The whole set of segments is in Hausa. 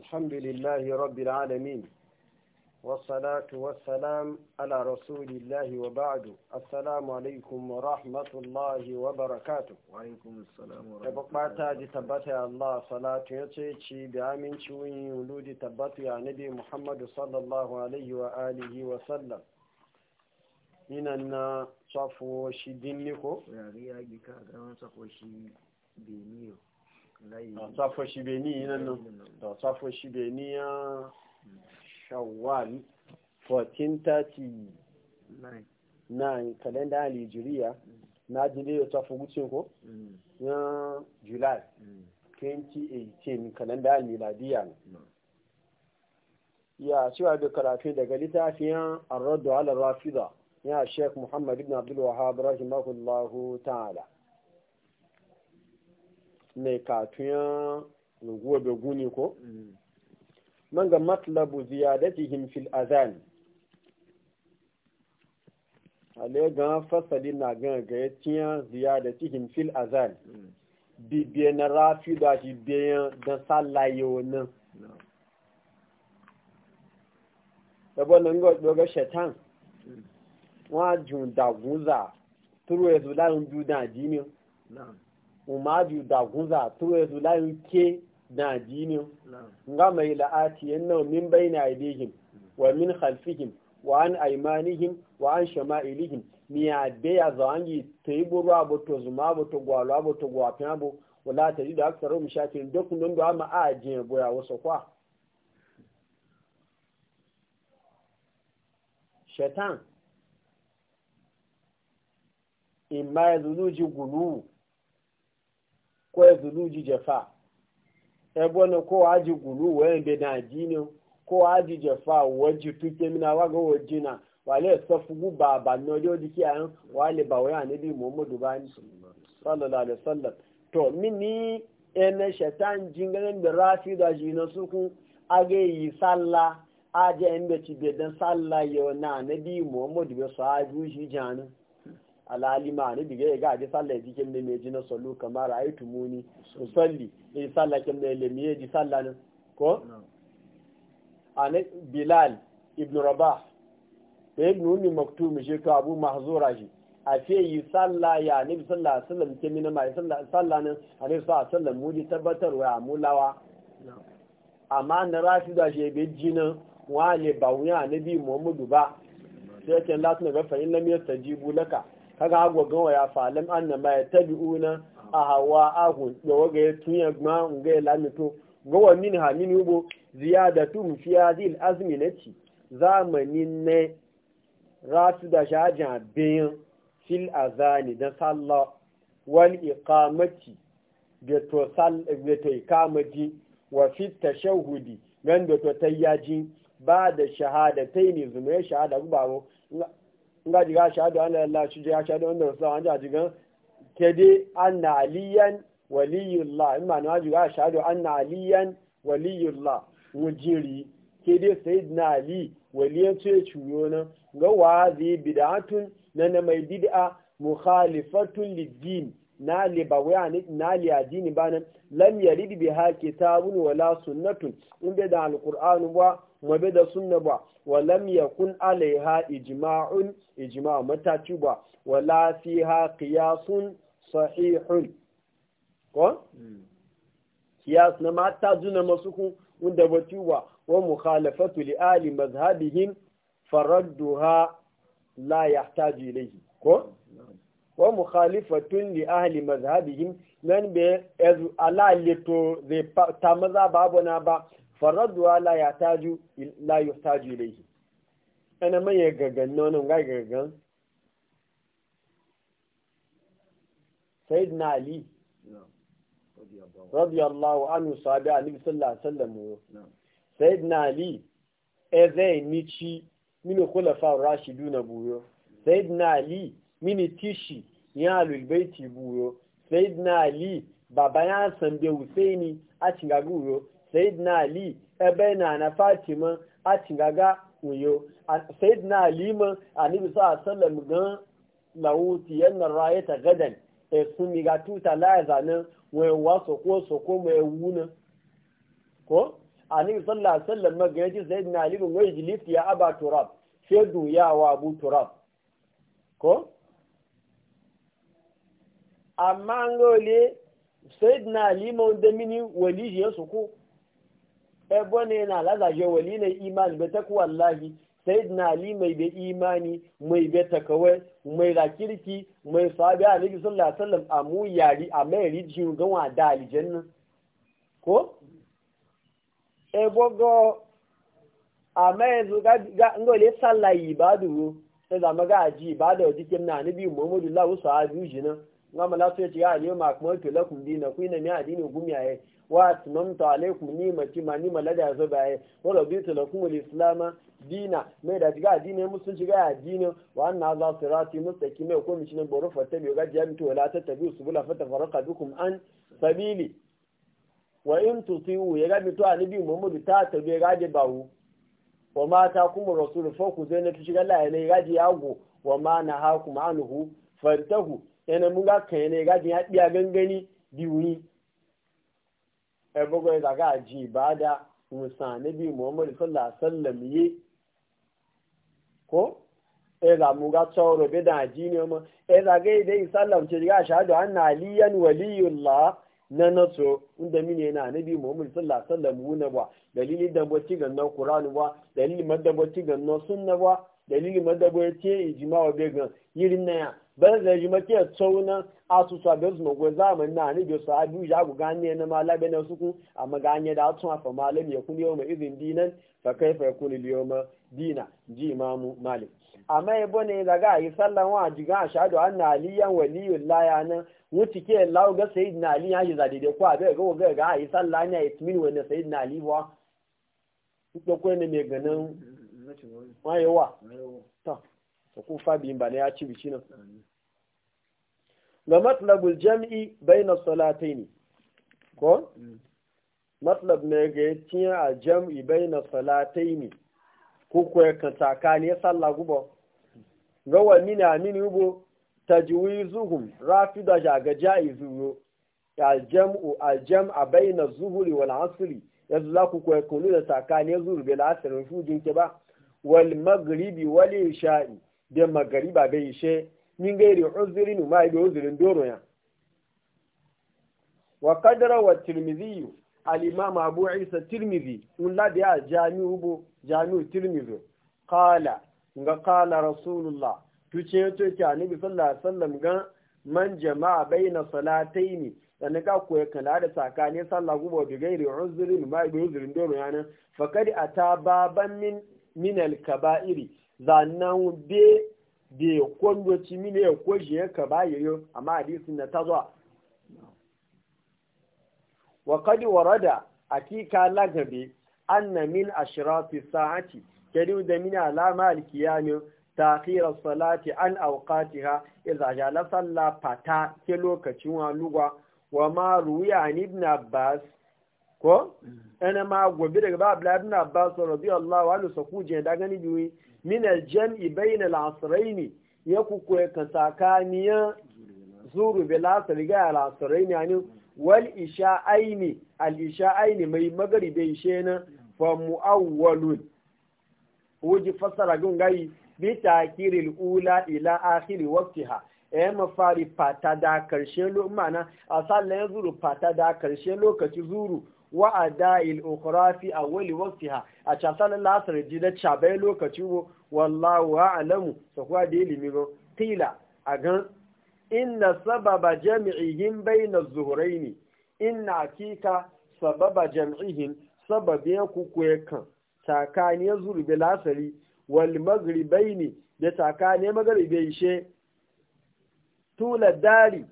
الحمد لله رب العالمين والصلاة والسلام على رسول الله وبعد السلام عليكم ورحمة الله وبركاته وعليكم السلام ورحمة الله وبركاته الله صلاة يتشي بعامين شوين ولود تبطي عن نبي محمد صلى الله عليه وآله وسلم من أن صفو شدين لكو يا غيابك أدران صفو شدين لكو tsafo shi bai ni nan nan da tsafo shi bai ni ya shawwal 1439 kalenda alijiriya mm. na jide ya tsafo wuce ko mm. ya july 2018 mm. kalenda alimiladiya ya cewa da karatu daga littafiyan arraddu ala rafida ya sheik muhammad ibn abdul wahab rahimahullahu ta'ala mai katuyan guwa da guni ko mm. man ga matlabu ziyadatihim fil azan ale ga fasali na gan ga tiya ziyadatihim fil azan mm. bi na rafi da shi da don da wannan ẹgbọ́n nan. ń gbọ́gbọ́ ṣẹ̀tàn wa jun da guza tó rú ẹ̀sùn da jù dáa jí umaju da guza ture su layu ke na jini nga mai la'ati yanna min bayna aidihim wa min khalfihim wa an aimanihim wa an shama'ilihim miya be ya zangi taibu ruwa boto zuma boto gwalwa boto gwafin abu wala ta ji da aka tsaro mishakin duk nan da ma a jiya boya wasu kwa shaitan in ma ya zuluji gulu ko ya zulu ji jafa ebo na ko aji gulu wayan be na jini ko aji jafa waji wajina wale safugu baba no diki an wale ba wayan ne bi muhammadu bani sallallahu alaihi wasallam to mini ene shaitan jingan da rafi da jina suku age yi sallah aje ti be dan yo na ne bi alalima ni diga ya gaji sallah ji kin ne meji na sallu kamar tumuni muni salli ne eh, sallah kin ne le miye ji sallah ne ko ane bilal ibn rabah da ibn ummi maktum shi ka abu mahzura shi a ce yi sallah ya ne sallah a wasallam kin ne mai sallah sallah ne a wasallam mu ji tabbatar wa mu lawa amma na da shi be jinin wa le ba wuya bi muhammadu ba sai kin lati ne ga fa in lam yastajibu laka kaga agwa gawa ya falim na ma ya una a hawa ahu da waga ya tunya ma ga ya lamito gawa min ha min yubo ziyadatun fi hadhihi azmi nati zamani ne rasu da shaja bin fil azani da sallah wal iqamati da to sal da to iqamati wa fi tashahudi nan da to tayaji ba da shahadatai ne zuma shahada gubaro nga jiga shahadu an la ilaha shi jiga shahadu anna rasulullah an jaji gan kedi anna aliyan waliyullah imma na jiga shahadu anna aliyan waliyullah wujiri kedi sayyidina ali waliyan ce ciwo na ga wazi bid'atun na na mai bid'a mukhalifatun lid-din na ba na addini ba lam yarid bi ha kitabun wala sunnatun in da alquran ba ma da sunna ba wa lam yakun alaiha ijma'un ijma' mataci ba wala fiha qiyasun sahihun ko qiyas na mata juna masukun wanda batu ba wa mukhalafatu li ali mazhabihim faradduha la yahtaju ilayhi ko wa mukhalifatun li ahli mazhabihim nan be ala lito ze ta maza babu na ba faradu ala ya taju la yuhtaju ilayhi ana mai ya gagan nonon ga gagan sayyidina ali radiyallahu anhu sahabi ali sallallahu alaihi wasallam sayyidina ali ezai nichi mini khulafa rashiduna buyo sayyidina ali mini tishi ya alulbaiti buyo sayidina ali baba ya san husaini a cingaga uyo sayidina ali ebe na na fatima a cingaga uyo sayidina ali ma anibi sa sallam gan lawuti yan rayata gadan e sun ga tuta la zanan wai waso ko ko me wuna ko anibi sallallahu alaihi wasallam ma ga yaji sayidina ali wai jilifti ya aba turab shedu ya wa abu turab ko amma an gole said na alima da mini wali je su ko ebo ne na laza je wali ne imani be ta wallahi said na alima be imani mai be ta kawai mai la kirki mai sahabi annabi sallallahu alaihi wasallam amu yari a mai rijin ga wa da aljanna ko ebo go a mai zuga ngole sallahi ibadu sai da maga aji ibada wajikin na annabi muhammadu sallallahu alaihi wasallam ngama la so ya aliyo ma kuma to la kun dina ku ina mi adini gumi aye wa atmamtu alaikum ni ma ma la da so baye wa raditu lakum al islama dina me da diga adini musun shiga adini wa anna za sirati mustaqima ko mi shine boro fa bi ga jami to la ta tabi subula fa tafarraqa bikum an sabili wa in tutiu ya ga mi to anabi muhammadu ta bi ga de bawo wa mata kuma rasul fa ku zai na shiga la ya ne ga ji yago wa ma na ha kuma anhu fantahu yana mun ga kan e ne ga jin haɗiya gangani biyu ai bugu da ga ji da musa nabi muhammad sallallahu alaihi wasallam ye ko e da mu ga tsoro be da ji ne mu e da ga dai sallam ce ga shahadu anna aliyan waliyullah na naso inda mine ne nabi muhammad sallallahu alaihi wasallam wuna ba dalili da bacci ga na qur'an ba dalili madda bacci ga na sunna ba dalili madda bacci wa be ga yirin na ya bar da ji mace tsauna a asusu sabe su mago náà na ne biyu sahabi ya ku gane na malabe na suku amma ganye da tun afa malam ya kun ma mai izin dinan fa kai fa kun liyoma dina ji a e shahadu anna aliyan waliyullah ya nan wuce ke lawo ga sayyidina ali ya shi ko ta kufa biyun ba na ya ci biki nan ga matlabul jam'i bai na salata ne ko? Mm. matlab ne ga ya tiya a jam'i bai na salata ne ko kuwa ka tsakani ya salla guba ga mini a mini ubo ta jiwi zuhun rafi da shaga ya zuwo aljam'u aljam'a bai na zuhuri wal asiri yanzu za ku kuwa kunu da tsakani ya zuru bai la'asirin fujin ke ba wal magribi wal isha'i da ba bai ishe min gairi uzurin ma bi uzurin doro ya wa kadara wa tirmidhi al imam abu isa tirmidhi un la da jami'u bu jami'u tirmidhi qala ga qala rasulullah ce to ki annabi sallallahu alaihi wasallam ga man jama'a baina salataini dan ka ya kala da tsakanin sallah gubo da gairi uzrin ma bi uzrin doro ya nan faqad ata baban min min al kaba'iri zannan be da kwando ci mini ya kwashi ya ka baye yau amma hadisin na ta zuwa wa kadi a akika lagabe anna min ashrafi sa'ati kadi da mini alama alkiyami hira salati an ha, iza jala salla fata ke lokacin wa lugwa wa ma ruya na bas. ko ana mm. ma gobe daga babu ladin abbas radiyallahu anhu sa kuje da gani biyu min aljam'i bayna al'asrayn ya ku ko ka sakaniya zuru bil asr ga al'asrayn yani wal isha'aini al isha'aini mai magaribe ishe na fa muawwalun wuji fasara gun gai bi takiril ula ila akhir waqtiha ya eh, mafari fata da karshe lo mana a sallan zuru fata da karshe lokaci zuru wa il'okrafi a fi awwali ha a chasal lasar ji da chabe lokaci wo wallahu a'lamu so kwa da ilimi go qila agan inna sababa jam'ihim bayna az ne inna hakika sababa jam'ihim sababe ku kan takaniyar zurbe lasari wal ne da takaniyar magribe ishe tula dari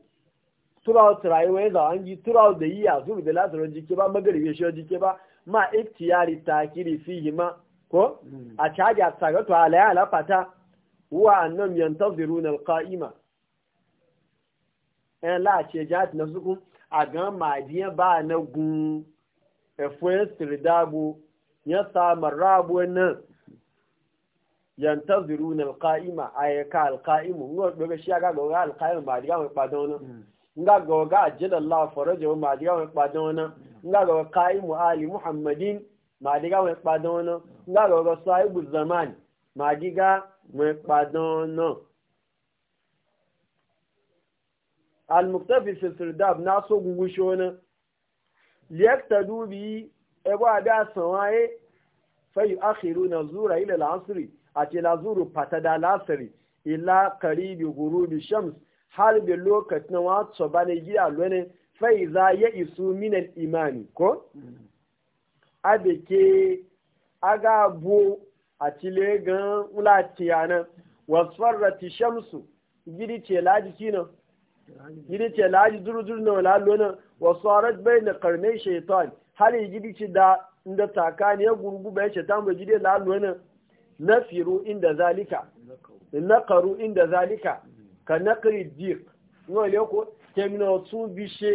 throughout rayuwa ya zawon ji throughout da yi a da lasarar jike ba magaribe shi jike ba ma iftiyari takiri yi ma ko hmm. a caji a tsagatu alaya lafata wa annam yantaziru na kaima en la ce jati na suku a gan madiya ba na gun efoyen sirdabu ya samar rabu nan yantaziru na alqa'ima ayyaka alqa'imu ngo doga shi aga ga alka'imu ba diga mai padon nga ga ga Allah faraja wa ma diga wa kpadan wana nga ga qaimu ali muhammadin ma diga wa kpadan wana nga ga ga sahibu zaman ma diga wa kpadan wana al muktafi fi sirdab na so gungusho wana liyakta dubi e ba da sanwaye fayu akhiruna zura ila al-asri ati la zuru patada al-asri ila qaribi ghurubi shams har da lokacin wasu ba ne gida lone fai za ya isu minan imani ko? abe ke aga bu a cile gan wulatiya nan wasfarrati shamsu gidi ce laji kinan gidi ce laji duru-duru na walalo nan wasu arat bai na karnai shaitan har yi gidi ce da inda ne ya gurgu bayan shaitan bai gidi lalo nan na firu inda zalika na karu inda zalika ka nakiri dik ní ọ̀lẹ́ ọkọ̀ tẹ̀mínà ọ̀tún bí ṣe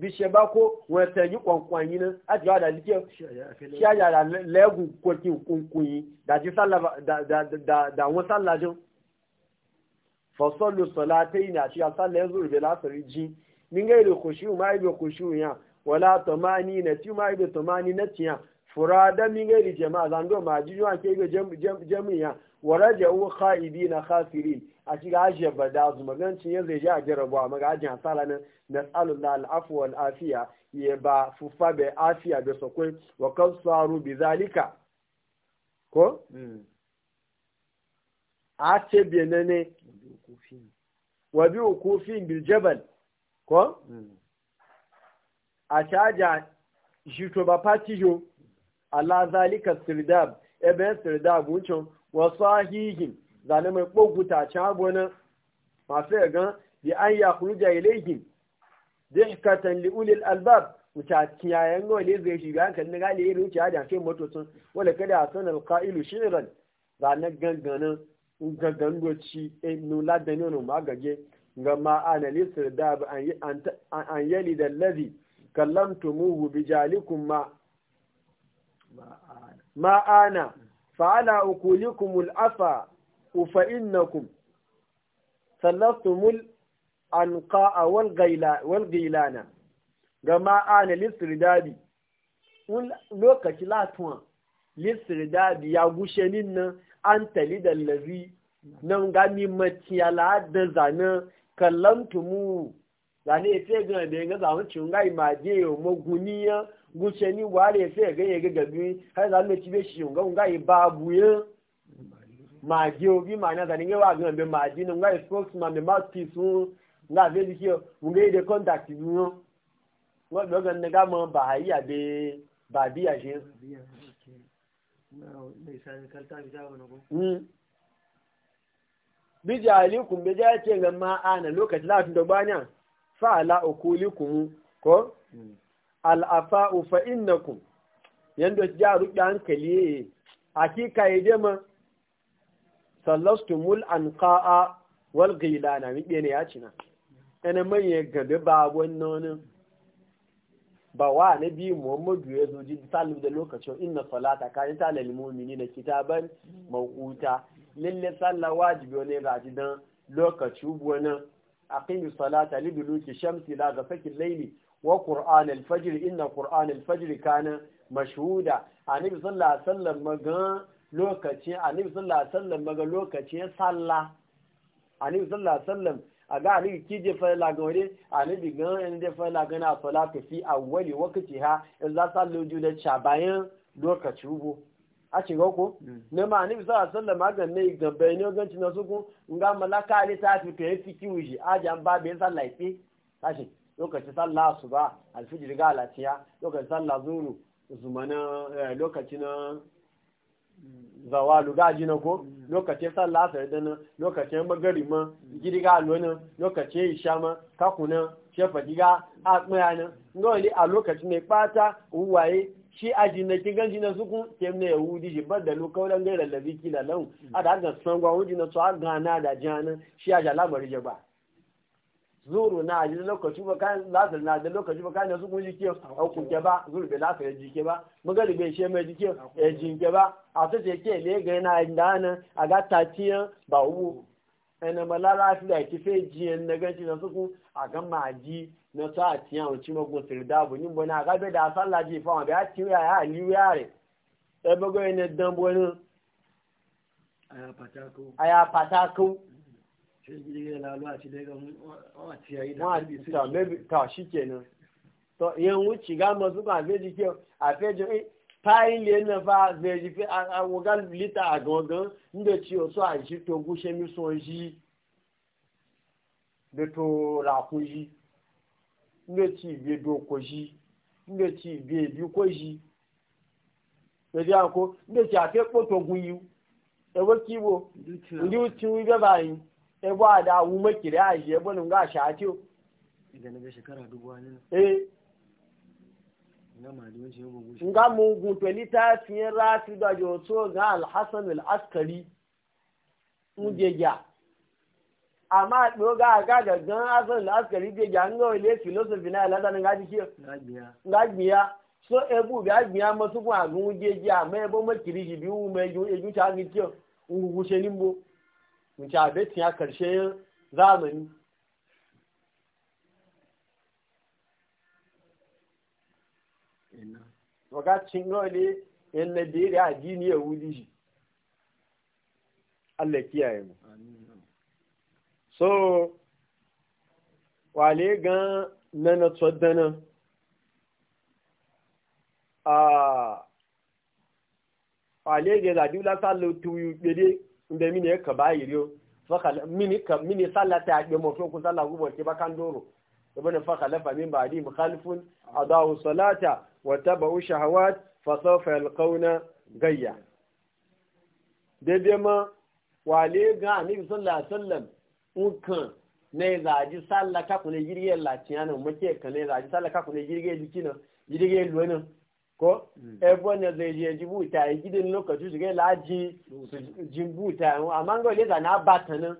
bí ṣe bá kó wọn ẹ̀tẹ̀ yí kọ̀ǹkọ̀n yìí náà láti wá dàdí kí ṣí àyàrá lẹ́gùn kòtì kùnkùn yìí dàdí dàwọn sálàjọ fọ́sọ́lù sọ̀lá àtẹ́yìn àti asálẹ̀ ẹ̀zọ́ ìbẹ̀ látọ̀rí jí nígbà èrè kòṣù máa ìbẹ̀ kòṣù yàn wọ́lá tọ̀mání nẹ̀tí máa ìbẹ̀ tọ̀mání nẹ̀tí yàn furada min gairi jama'a zando ma jiyo ake ga jami'a waraja u khaibi na khasirin a shiga ajiya bada cin yanzu ya zai ji a maga ajin hasala na nas'alullah al'afu wal afiya ya ba fufa bai afiya da sakwai wa kan tsaro bi zalika ko hmm. a ce ne wa bi ukufin bil jabal ko hmm. a caja shi to ba fati ala zalika sirdab ebe sirdab wucin wasu ahihin zane mai koguta can abunan masu gan da an ya kuruja ilaihin dihkatan li ulil albab wuta kiyayen gawa ne zai shiga hankali na gane irin wuce hajjan kai motocin wala kada a sanar ka'ilu shirin zane ganganin gangan goci e nula da nuna magage ga ma'ana lisir sirdab an yali da lazi kallamtumuhu bijalikum ma ma'ana fa'ala ukulikumul afa ufa innakum sallastumul anqa'a wal gilana ga ma'ana lissirdadi lokaci latuwa lissirdadi ya gushe nan. an tali da lazi nan gami maciya da zanen kallantumu zane ya ce gina da ya ga zamuncin ga imaje yau maguniya guce ni ware sai ga ya ga bi har za mu shi ga ga babu ya ma je obi ma na zanin yawa ga be ma ji nga spokesman ma mouthpiece un nga be di de contact ni no wa do ga ma ba hayi ya be ba bi hmm. ya je alikum bija ya ce ga ma ana lokacin da tun ba banya fa ala ukulikum ko hmm. Al'afa al'afa'u ku, yadda a ruƙe hankali hakika ya sallastu mul an ka'a wal gaila na miƙe ne ya cina ɗana manya gabe ba wannan ba wa na bi muhammadu ya zo ji salim da lokacin inna salata Ka kayan talar mumini na kitaban mawuta lalle salla wajibi wani raji don lokaci wani aqimi salata liduluki shamsi la ga sakin laili wa qur'an al-fajr inna qur'an al-fajr kana mashhuda annabi sallallahu alaihi wasallam maga lokacin annabi sallallahu alaihi wasallam maga lokacin sallah annabi sallallahu alaihi wasallam aga annabi kije fa la gore annabi ga in da fa la gana salatu fi awwali waqtiha in za sallu juda shabayan lokaci rubo a ce ko hmm. ne ma annabi sallallahu alaihi wasallam maga ne gambe ne ganci na suku nga malaka ali ta fi to yafi kiwiji ajan ba be sallafi tashi lokaci sallah su ba alfijir ga alatiya lokaci sallah zuru zumana eh, lokaci na zawalu gaji na ko lokacin sallah yadda dana lokacin magari ma ga alwana lokacin isha ma kakuna shefa giga a tsayanin noli a lokacin mai fata uwaye shi a jinaki ganji na suku kem na yahudi shi bar da lokauran gairar da zikila lau a da aka san gwawon jina su a gana da jana shi a jalabar jaba zuru na ji lokaci ba kan lazar na da lokaci ba kan da su kun jike a kunke ba zuru bai lazar ya jike ba magali bai she mai jike ya jinke ba a su ce ke ne ga yana da nan a ga ba wu ina malala fi da ki fe jiyan na ganci na suku a ga maji na sa a tiyan wuci magun bu bana ga bai da sallah ji fa tiya ya e ne dan ta shi kenan to yan wuce ga masu ba zai ji a eh, fayin le na fa zai fi a wogal lita a gangan inda ci o so a shi to gushe mi so shi da to rakun shi inda ci bi doko shi inda ci bi bi ko da ji ako inda ci a fe kpoto gun yi ewo kibo ndi uti wi bayin ebo a da wu makiri a shi ebo nunga a shati o idan ga shekara dubu wani eh nga mu gunto littafin rafi da joto ga alhassan al'askari ngeja amma ɗoga a kaga gan asan al'askari geja ga wale filosofi na alada nga jike nga gbiya so ebu bi agbiya masu kun agun geja amma ebo makiri shi bi wu meju eju ta ngi tiyo ngugu se nimbo wuce abetin ya karshe zamani wakacin ne yan na ya a dini ya wuli shi Allah kiyaye mu so wale gan nana na tsoddana a ah, wale ga zaɗi wula sa lautu yi inda mini ya e ka bayi riyo mini sallata ya ɗe mafi ku sallah gubo ke ba kan doro ibn fa khalafa min ba'di mukhalifun adawu salata wa tabu shahawat fa sawfa yalqawna gayya dede ma wale ga annabi sallallahu alaihi wasallam ukan ne zaji sallah ka kune jirgin latiyanan muke kan ne zaji sallah ka kune jirgin likina jirgin luwanin ko ebo ne zai je jibuta yi gidan lokaci su gai laji jibuta amma ga wale zana ba ta nan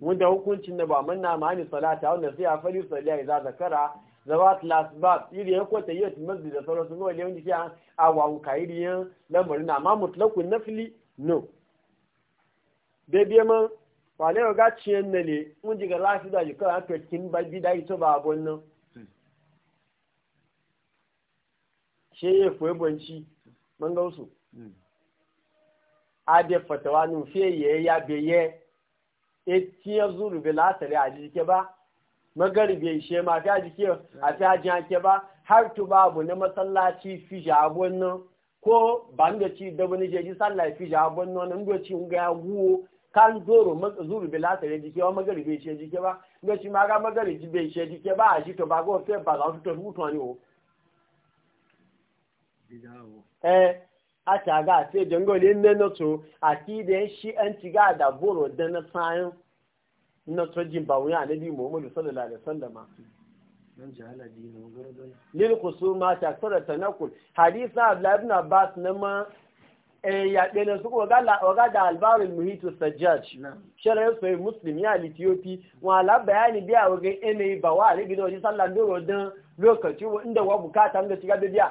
wanda hukuncin na ba manna ma ni salata wanda sai a fali saliya ya za zakara zawat las ba iri ya kwata yi ta masjid da sauransu ga wale wanda fiye a wawu ka iri yan lamarin amma mutlakun na fili no bebe man wale ga ciyen na ne mun wanda ga lafi da jikar a kyakkin ba da ito ba abon nan she yi ya koyi banci man gausu hmm. ade fatawa nun fe ye ya beye e tiya zuru be latare a jike ba magaribe she ma ta jike a ta jike ba har tu babu na masallaci fi jabon nan ko ban da ci da wani jeji sallah fi jabon nan nan goci ga guwo kan zoro zuru be latare jike wa magaribe she jike ba goci ma ga magaribe she jike ba a jike ba go fe ba ga to hutu ne o eh a ta ga sai jangole ne na to a ti da shi an ti ga da boro da na sayan na to jin ba wuya nabi muhammadu sallallahu alaihi wasallama lil kusuma ta tsara tanakul hadisa abdullah ibn abbas na ma e, ya ɗaya su ko ga da albarin muhitu sajjaj shirin soyi muslim ya litiyofi wala bayani biya wajen ene ba wa alibi da wajen sallan doro don lokaci inda wa bukata ga shiga biya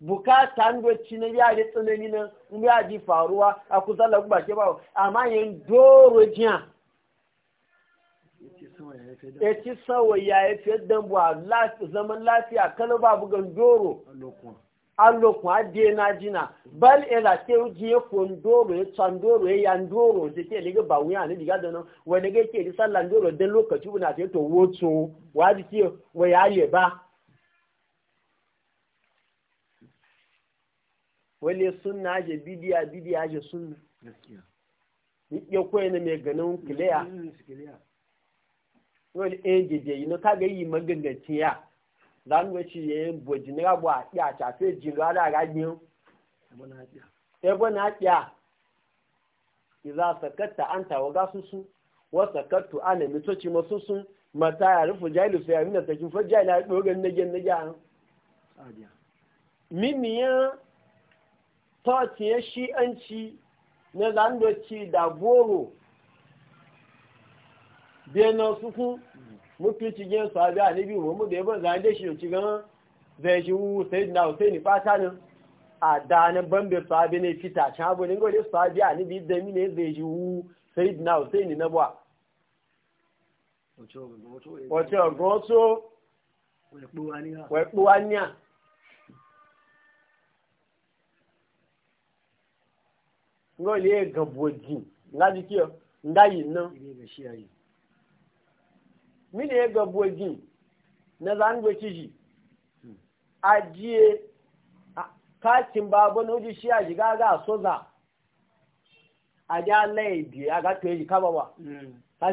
bukata ndoci na biya da tsanani na ya biya ji faruwa a kusa lagu e e ba ke a amma yin doro jiya ya ci sawa ya yi fiye bu a zaman lafiya kala ba bugan doro alokun na jina bal e ya kun doro ya kondoro doro ya yan doro te ke liga ba wuya ne diga nan wani ga ke di doro den lokaci wuna te to wotso wa wa ya ba wale sunna aje bidiya bidiya aje sunna ya kwaye na mai ganin kiliya wani ɗayan eh, jejeyi na kaga yi maganganci ya zan wace ya yi boji na rabu a ɗiya tafe jiro ala rajin ebe na ɗiya iza sakatta an tawaga susu wa sakattu ana mitoci masu sun mata ya rufu jahili su yamina sakin fa jahili a ɗogon na gen na gyan mimiyan toci ya shi'anci na zandoci da goro benin suku mafi cikin su abi a nabi mu da yabon zane da shi da cikin zai shi wu sai na sai ni fata nan a danin bambe su abi ne fita can abu ne gole su abi a nabi da mine zai shi wu sai na sai ni na buwa wace ogoto wai kpuwa niya ngo le gaboji ngaji kiyo ndayi no mi le gaboji na zango ciji ajiye kacin babu na uji shi a shiga ga soza a ja laibi a ga tuye jika ba a ga ba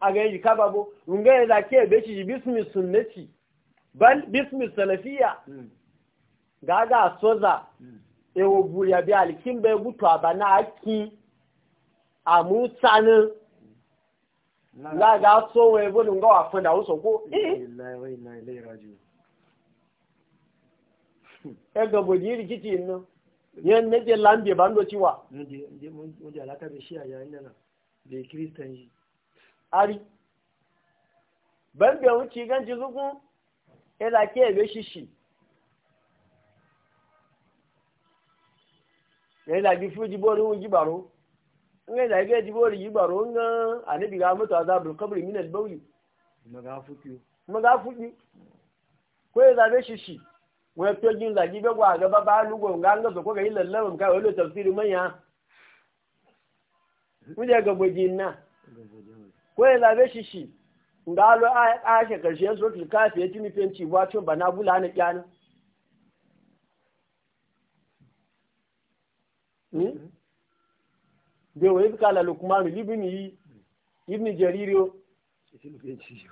a ga ba nga bismi sunnati bal bismi salafiya gaga soza ewo buya bi alikin be gutu abana aki amutsani laga so we bodu nga wa funda uso ko e ga boji ri kiti no yen ne je lambe bando ciwa ndi ndi mun je alaka be shi aya inda na be kristanji ari ban be wuci ganji zugun ẹ̀dà kí ẹ̀wé ṣíṣì shishi bí fún jíbó ní wọ́n jíbàró ń ẹ̀dà bí ẹ̀dìbó rí jíbàró ń gán àníbìgá mọ́tò azábùrù kọ́bìrì mí nàìjíríà wù. mọ̀gá fúkú kó ẹ̀dà bí ṣíṣì wọ́n tó jí ńlá jí bẹ́gbọ́ àgbà bàbá alúgbò ńgá ń gọ̀sọ̀ kókè ilẹ̀ lẹ́wọ̀n ká olè tọ̀síìrì mọ́yà ń jẹ́ gọ̀gbọ̀jì na kó ẹ̀dà bí ṣíṣì ngalo a ashe karshe suratul kafi ya timi fenci ba to bana bula na kyana ni de wa ibka la lukman libni ibni jariro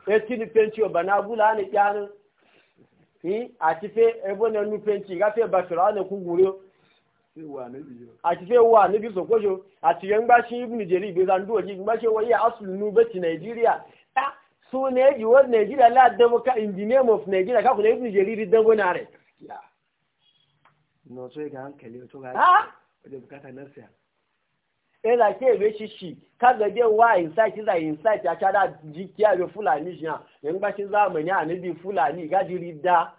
ya ni fenci ba na bula na kyana hmm? ni ati hmm? fe ebo na nu fenci ga fe basira na ku gure àti fẹ́ wà níbi sọ̀kọ́ṣọ́ àti yẹn ń gbá sí ibùdó jẹ́rí ìgbésà ń dúró jí ń gbá ṣe wọ́n yẹ asùlù nù bẹ́ẹ̀ ti nàìjíríà su ne ji wani Nigeria la damu ka in the name of Nigeria ka kuna ibn jariri dan wani are no so ga hankali to ga ha da bukata nan e la ke be shishi ka ga je wa insight za insight ya cha da jikiya be fulani jiya yan ba shi zamani a nabi fulani ga jiri da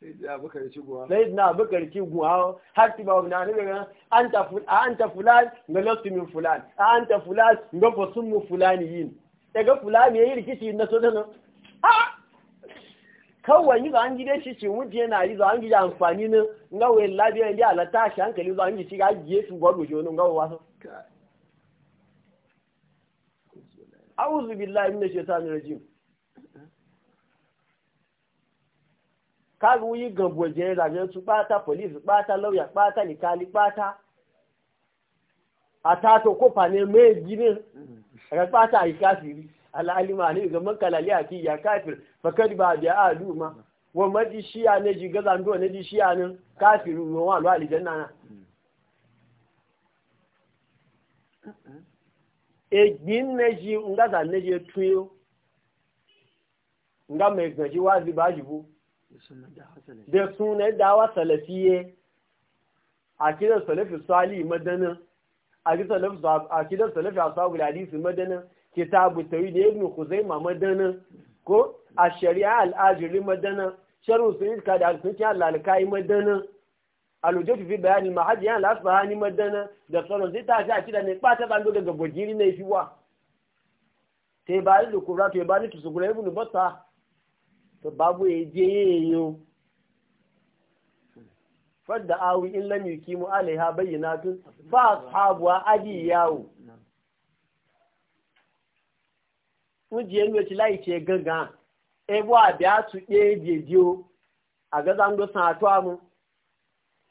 sayyidina ci guwa har ti bawa na daga anta fulan ga lasu min fulan anta fulan ga fasun mu fulani yin daga fulani yi rikici na sojanin ha a kawai yi zan gida shi shi wuce na yi zan gida amfani na nga we labiya ndi ala ta shi hankali zan gida shi ga giye su gwado shi wani nga wasu a'udhu billahi minash shaitanir rajim kaga wuyi gabo je da su bata polis bata lauya bata likali bata a kópa ní méjì ní rẹpátá ìkáfìrí alálìmọ̀ a ìgbà mọ́kànlálẹ́ àti ìyà káfìrí a bá àbí àádù ma ne mọ́dí síyà ní jì ji ní ne síyà ní káfìrí wọn wà lọ́ àlìjẹ́ náà ègbín méjì ngázà méjì tún tuyo nga mai gànjí wá sí báyìí da sunan dawa salafiye a kiran salafi sali madanin a ji akidar salafi a sabu hadisi madana kitabu tawi da ibn khuzaima madana ko a shari'a al'ajiri madana sharhu sunnit ka da sunki al-alkai madana alujatu fi bayani mahaji ya al-asbahani madana da sauran sai ta shi akida ne ba ta bando daga gojiri ne fi wa sai ba da kubra to ba ni tusugura ibn batta to babu yaje yayo fadda awi in lam yukimu alaiha bayyinatun fa ashabuha adi yawo Mujiye nwe ci lai ce gaga ebo abia e de dedio aga zango san ato amu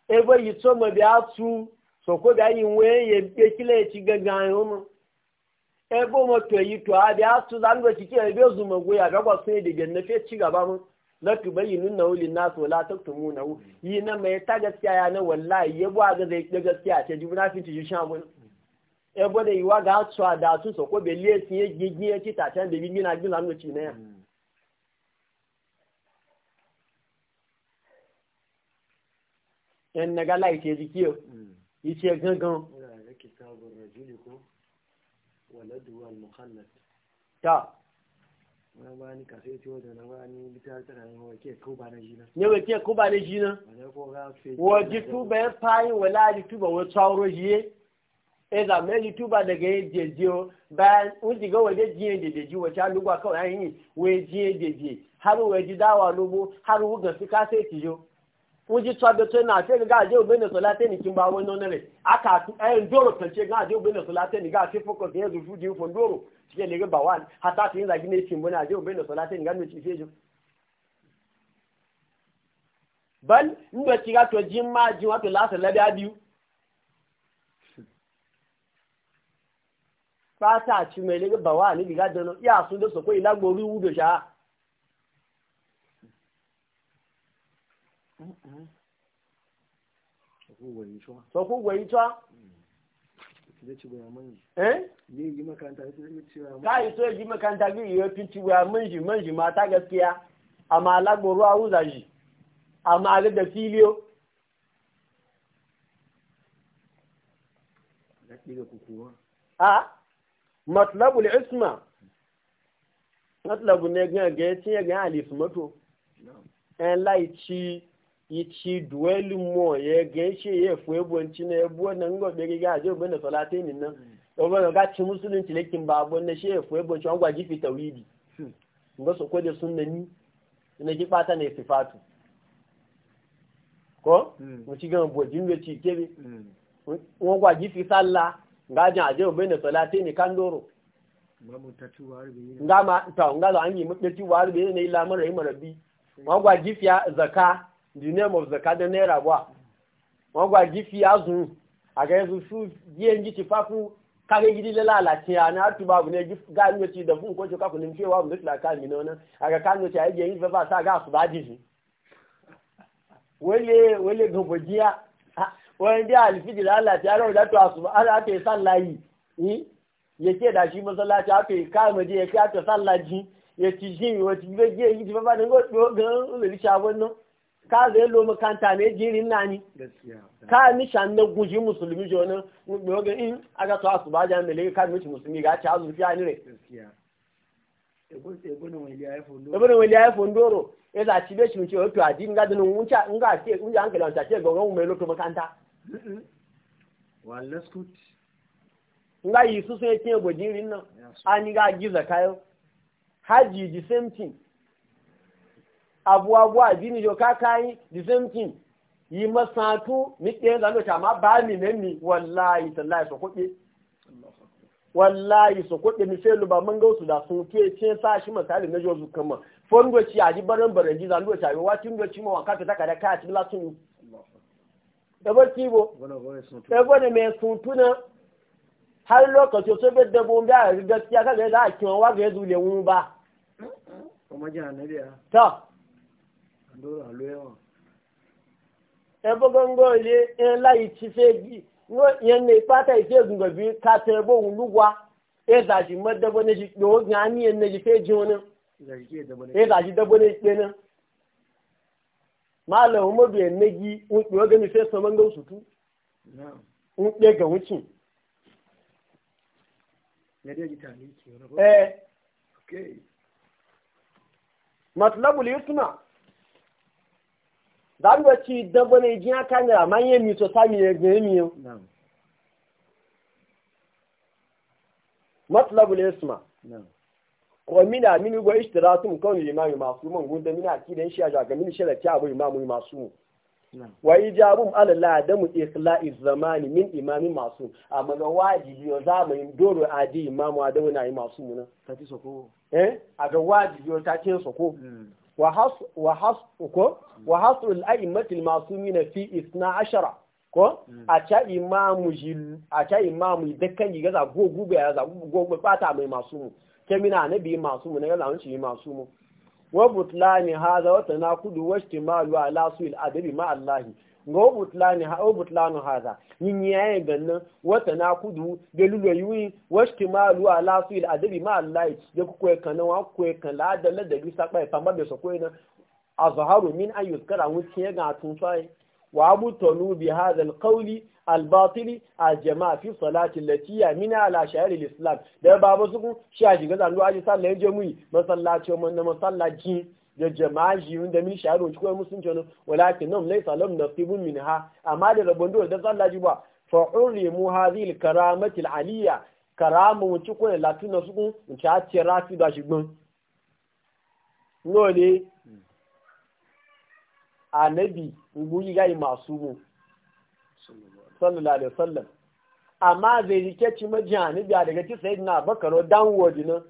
ebo yi to mo bia tu so ko bia yi nwe ye pe kile ci gaga yo mo ebo mo to yi to abia tu zango ci ke ebe zuma go ya ga kwa sun de gen na fe ci gaba mu la tubayyinun nahu lin nas wa la wu. yi na mai ta gaskiya ya na wallahi ya yabo ga zai ta gaskiya ce fi fin ji shan mun e bode yiwa ga a da su so ko bele ti ye gigi ye ti ta tan de bi na gina no hmm. ci ne en naga lai ce jikiyo hmm. yi ce gangan ta na ba ni kasa ya ce wajen na ba ni litar ta ranar wake ko ba na jina ne wake ko ba na jina waje tuba ya fayin wala ji tuba wani tsawon jiye e za mai ji tuba daga yin jejiyo bayan un diga waje jiye jejeji wace alugwa kawai an yi waje jiye jeje har waje dawa lobo har wuga su kasa ya fuji tsabe to na fe ga je obin so late ni kin ba won non re aka tu e ndoro kan che ga je obin so late ni ga fe foko de zu fuji fo ndoro ti le ga ba wan hata ti za gine tin bona je obin so late ni ga no to jin ma jin wa to la se labi abiu pata ti me le dono ya sha Soko gwai ta? Eh? Yi makaranta Ka yi so yi makaranta bi yi fi ci wa manji manji mata gaskiya, amma alagboro a wuza shi, amma a da filiyo. A, matlabul isma, matlabu ne gan ga ya cinye gan alismato, ‘yan laici ichi duwelin mo ya gaishe ya fuwe bonci na ya buwa nan ga riga a jirgin da salatai min na. ɗaukar ga musulun ti lekin ba abuwan na shi ya fuwe bonci an gwaji fi tawidi ga de sunna sunani na ji pata na istifatu ko mu ci gama bojin da ci kebe wọn gwaji fi salla gajin a jirgin da salatai ni kan doro nga ma ta nga da an yi mutatuwa harbe ne ila mara yi marabi wọn hmm. gwaji fi zaka the name of the cardinal naira wa wọ́n gba gífi azùn àgẹ́sù fún dng ti fá fún kare gidi lala alatin ya na atu babu ne gif ga nyo ti da fun ko ka kunin wa mu la ka mi nona aga kan nyo ti aje yin fa ba sa ga su ba diji wele wele gobojiya wani da alfiji lala ti ara da to asu ara ate sallayi yi yake da shi masallaci ate kama je ya ka ta sallaji ya ti jin wa ti be je yi fa ba ne go do ga le li sha wannan ka zai lo makanta ne jirin na ka ni na guji musulmi jona mu yoga in aga to asu ba jan mele ka mi musulmi ga ta azu fiya ni re ebone weli aye fondoro e za ti be otu o to adi nga dinu uncha nga ti unja an kala ta ti go go melo to makanta wallahi skut nga yisu sai e ti ebo jirin na ani ga giza kayo haji the same thing abuwa buwa jini jo ka kayi the same thing yi masatu mi ɗaya zanu ta ma ba ni ne mi wallahi tallahi so kuɗi wallahi so kuɗi mi sai luba mun gausu da sun ke ce sa shi misali na jozu kama fondo ci aji baran baran ji zanu ta yi watin do ci ma wanka ta kada ka ci latun da ba ci bo da ba ne mai suntuna har lokaci so bai dabo bi a gaskiya kaga za a kiwon wa ga yazu lewun ba kuma ji annabi ta lórí àlọ́ ẹ̀wọ̀n. ẹ bọ́gọ́ngọ́ ilé ẹ láyé tí fẹ́ yí yẹn ní pátá ìṣègùn gbẹ̀bí kàtà ẹ bóun lúwa ẹ zàjì mọ́ dẹ́gbọ́n ní ṣe lòun gan ní ẹ ní fẹ́ jẹun ní. ẹ zàjì dẹ́gbọ́n ní ṣe máa lọ òun mọ́bi ẹ̀ ń pè ọ́gẹ́ mi sọ ń pè gàwọn tì. ẹ zaɓiwa ci dabba na ijin aka nira ma yi mi to sami ya gani mi yau matlabul isma ko mina mini gwa ishtira tun kawai limami masu mun gunda mina akidan shi a jaga mini shi da ta abu imamu masu wa ijabun alala da mu ikhla'i zamani min imamin masu amma ga wajibi mu yi doro adi imamu adamu na yi masu muna ta ci soko eh a ga wajibi yo ta ce soko mm. wa hasu al'a'immatul masu mina fi isna ashara ko hmm. a ca imamu dukkan yi gaza gogu ya gogu bata mai masu mu ke mina na biyu masu mu na gaza wanci yi masu mu wa butlani haza wata na kudu wasu malu ala su il adabi ma Allahi ga obutlani ha obutlanu haza yin yayin gannan wata na kudu da lulu yuyi washki ala fil adabi ma allahi ya ku koy kana wa koy kala da da bi sakpa fa ma da so na azharu min ayu yuzkara mun tiye ga tun sai wa abutanu bi hadha al qawli al al jamaa fi salati allati min ala shahr islam da babu su shi a shiga zanu aji sallah je masallaci mun na masallaci da jama'a jiyun da min shahadu cikin musulunci wani walakin nam laisa lam nasibun min ha amma da rabon dole da sallah ji ba fa hurrimu hadhihi karamati aliyya karamu cikin latin na sukun in ci a ce rafi da shigbon nole anabi nguyi gai masu mu sallallahu alaihi wasallam amma zai rike ci majani daga ci sayyidina bakaro downward nan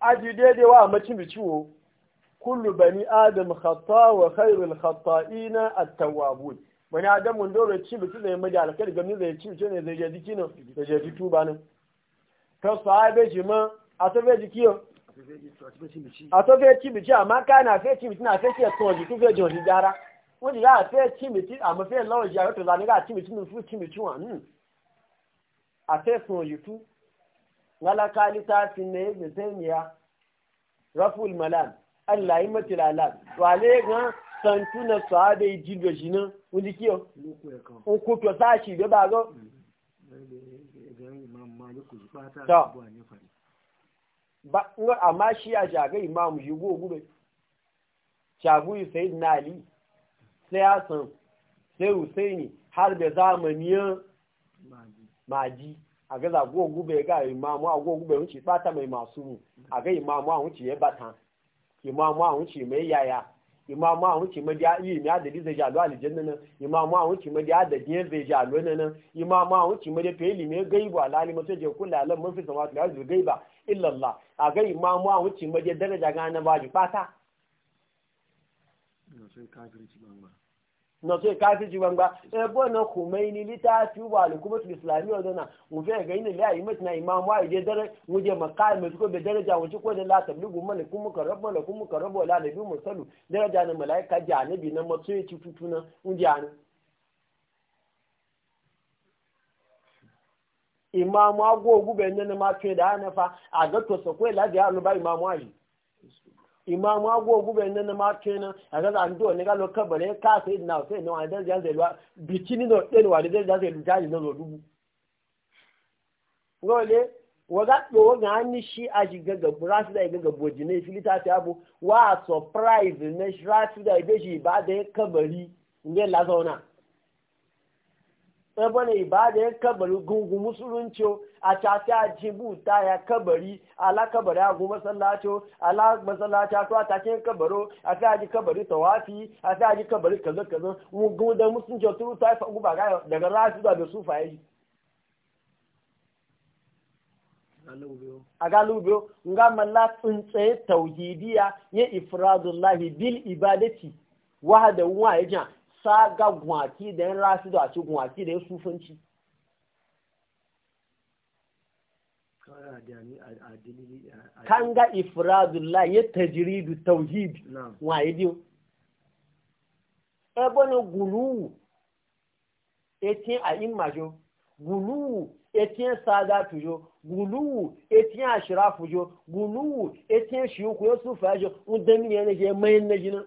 aji daidai wa macin ciwo? kullu bani adam khata wa khairul khata'ina at-tawwabun bani adam mun dole ci bici zai maji alkhairi gami zai ci ce ne zai je jiki nan zai je jitu ba nan ta sahabe ji ma a tabe jiki yo a tabe ci bici amma kana fe ci bici na fe ci to jitu hmm. fe jiwa jara wọ́n ti yára fẹ́ tìmì tí àmọ́ fẹ́ lọ́wọ́ ìyá rẹ̀ ci lánàá tìmì tí mo fún tìmì a wọ́n àtẹ̀sùn tu? malaka ta ne da samiya raful malam Allah yi mace lalam wale ga santu na sahabe yi jilbe shi nan wani kiyo in kuto sa shi da ba zo amma shi a shaga imam shi go gube shagu yi sai na ali sai asan sai husaini har da zamaniyan maji a ga zago gube ga imamu a gube wuce bata mai masu mu a ga imamu a wuce ya bata imamu a wuce mai yaya imamu a wuce mai ya yi ya da liza jalo aljanna nan imamu a wuce mai ya da biyan zai jalo nan imamu a wuce mai fa ilimi gaibu alali mace je kula alam mun fi samatu ya zu gaiba illa allah a ga imamu a wuce mai daraja ga na baji bata na so ka fi ji banga e bo na kumaini litafi wa alikumat islami wa dana mu fe ga ina la imat na imam wa ide dare mu je makal mu ko be daraja mu ko da la tabligu malakum mukarrab malakum mukarrab la nabi mursalu daraja na malaika janabi na matso ya ci tutuna unjani imam agogu be ne na ma fe da na fa a ga to so ko la da alu ba imam wa yi imam agwo gube nan na marke nan a ga a do ne ga lo kabare ka sai na sai no an da jan zai lwa bitini no den wa da jan zai lwa na no dubu ngole ga do ga ni shi a ji ga ga su da ga ga boji ne filita ta abu wa surprise ne shi su da ga ji ba da kabari nge la zauna ebone ibada ya kabari gungun musulunci a tafi a ta ya kabari ala kabari a gun masallaci ala masallaci a tuwa tafi kabaro a fi aji kabari tawafi a fi aji kabari kaza kaza gungun da musulunci turu ta yi fagu baga daga rasu da su fayi a galubiyo ga malla tsuntsaye tauhidiya ya ifradullahi bil ibadati wahada wa ya jan saga gwaki da yan rafido a ci gwaki da yan sufanci kan ga ifradullah ya tajiridu tauhid waye biyu ebe ni guluwu etin a imajo guluwu etin sada tujo guluwu etin ashirafu jo guluwu etin shiuku ya sufa jo udemi ne ne je mayin na jinan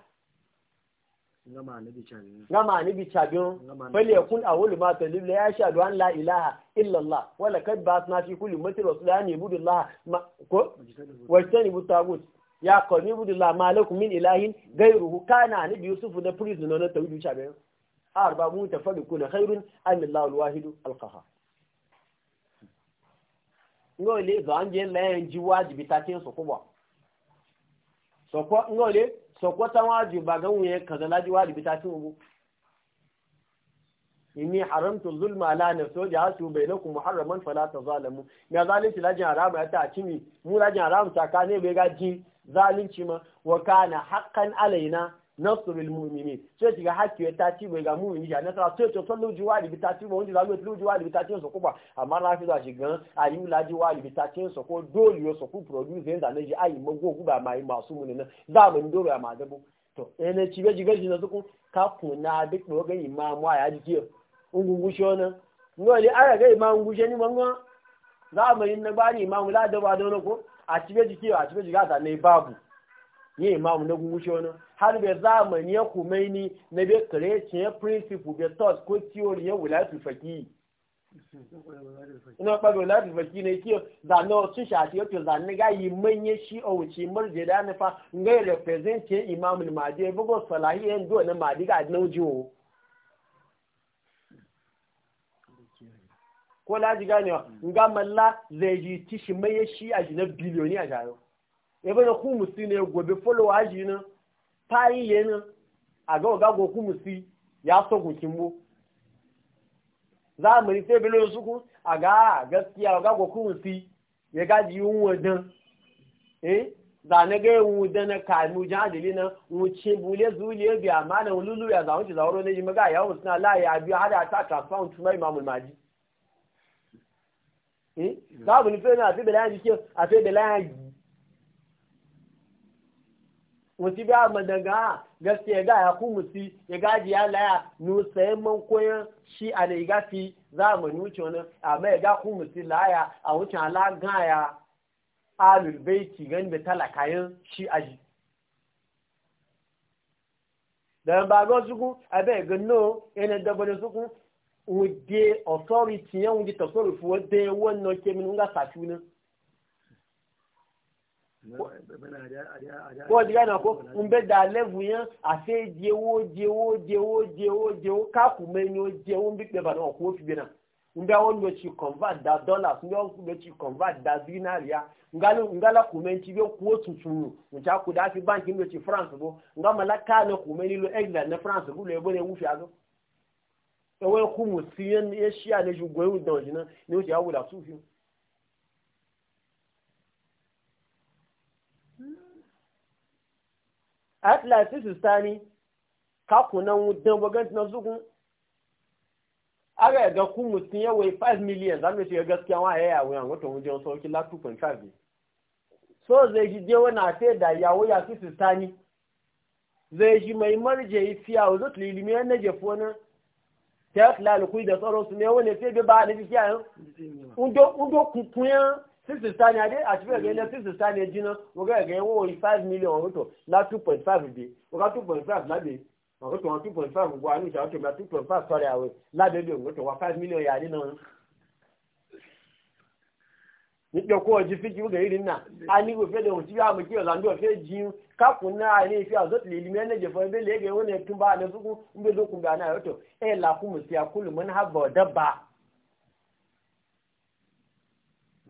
gama ni bicabin fale kun a wuli mata libya ya sha an la ilaha illallah wala kai ba na fi kuli mutu rasu da ne budu laha ko wajtani bu tagut ya kawai budu la malakum min ilahin gairuhu kana ni biyu sufu na prison na tawhidu shabe arba mu tafariku na khairun am allah al wahid al qahar ngole zanje layan ji wajibi ta tin su ba. so ko ngole sokwata waji ba gan wuye kaza laji wajibi ta cin ubu inni haramtu zulma la nafsi ja ja'altu bainakum muharraman fala tazalamu ya zalunci lajin haram ya ta cimi mu lajin haram ta ka ne bai gaji zalunci ma wa kana haqqan alaina nasrul mu'minin sai shiga hakki ta ci bai ga mu'mini ya nasara sai to sallu jiwali bi ta ci ba wanda zalu sallu wa bi ta ci so kuma amma rafiza shiga ayu la jiwali bi ta ci so ko dole yo so ku produce yanda ne ji ayi mago guba mai masu mun nan za mun doro ma dabo to eh be ci ga jiga shi na zuku ka kuna duk dogon imamu ya ji ki ungungusho nan ngoli ara ga imamu gushe ni mango mu yin na bani imamu la da ba da ko a ci ga jiki a ci ga da ne babu ye imamu na gungushe wani har bai zamani ya kumaini na bai kirece ya principle bai thought ko theory ya wulatu faki ina ɓaga wulatu faki ne kiyo zane wasu shafi yau zane ga yi manye shi a wuce marje da nufa ga yi represent ya imamu madi ya bugo salahi ya ndo na maji ga adinan wo ko laji ganewa nga malla zai ji tishi mai shi a jinar biliyoni a jayo ebe na kumusi ne gobe folo aji na tayi ye na aga ga oga go kumusi ya so gukin mu za mu ri tebe lo suku a ga gaskiya oga go kumusi ya gaji yun dan eh da na yi yun dan na ka mu ja na mu ce bule zuliye bi ma na lulu ya za mu ci zawro ne ji maga ya usna la ya bi hada ta ta sound mai mamul maji eh mm. za mu ni fe na fi da layan jike a fe da wasi ba ma daga gaskiya ga ya ku musi ya gaji ya laya nu sai man koyan shi a ne gafi za mu nuce wani amma ya ga ku musi laya a wucin ala gaya alul baiti gan da talakayin shi aji da ba ga suku abe ga no ene dabo da suku wuje authority yan wuje tasoro fuwa wannan kemin safi nan ko diga na ko un be da levu yan a se jewo jewo ka ku me ni o je un bi na ko fi be na un be convert da dollars convert da ngala bank ni france bụ nga malaka na ku me england na france bụ le si e atlas sistani kakunan wudan waganti na zukun aga ga ku mutum ya wai 5 million za mu shiga gaskiya wa yaya wuyan wato mun je sauki la 2.5 so zai ji je wani ate da yawo ya su sistani zai ji mai marje yi fiya wa zutu lilimi yan naje fona ta kula da tsaro su ne wani sai ba da fiya undo undo kunya. sixty star ni adé àti bẹ́ẹ̀ gẹ́gẹ́ sixty star ni jiná wọ́n gẹ́gẹ́ gẹ́gẹ́ wọ́n wọ́n five million ọ̀hún tó lá two point five dé wọ́n ká two point five lábẹ́ ọ̀hún wọn two point five gbọ́ àánú ìṣàwọ́ tòmíà two point five sọ̀rọ̀ àwẹ̀ lábẹ́ bí ọ̀hún tó five million yà á dé náà. nípa kó ọjí fíjì wọ́n rí nà á ní wọ́n fẹ́ẹ́ lọ́wọ́ tí yóò àmì kí ọ̀làndó ọ̀fẹ́ jiyún kákùn náà ní ìfẹ́ àzọ́tì lè limi ẹ̀nẹ́jẹ̀ fún ẹgbẹ́ lẹ́gẹ̀ẹ́ wọn ni túnbà àlẹ́ fúnkún ń gbé lókun bí àná àyọ̀tọ̀ ẹ̀ làkùn mùsíà kúlù mọ́ná àbọ̀ ọ̀dọ́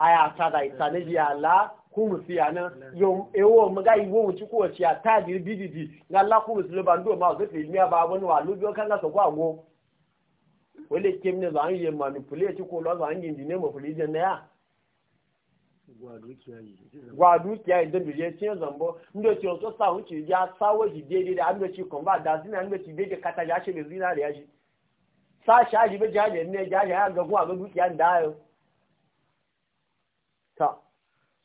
aya ta da ita ne ya la kuma si ana yo ewo mga iwo wuci ko ci ata di bididi la kuma si lo bando ma zo fi mi aba won wa lu bi kan la so ko awo wole kim ne zan yi manipulate ko lo zan yi ne mo fuli je ne ya gwadu dukiya idan bije ci zambo ndo ci so sa wuci ya sawo ji dede da ando ci kon ba da zina ando ci dede kata ya shi zina da ya shi sa shaji be jaje ne jaje ya ga gwa ga dukiya da ta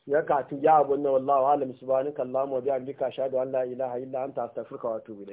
ya katu ya abun na wallahu alam subhanaka allahumma wa bihamdika ashhadu an la ilaha illa anta astaghfiruka wa atubu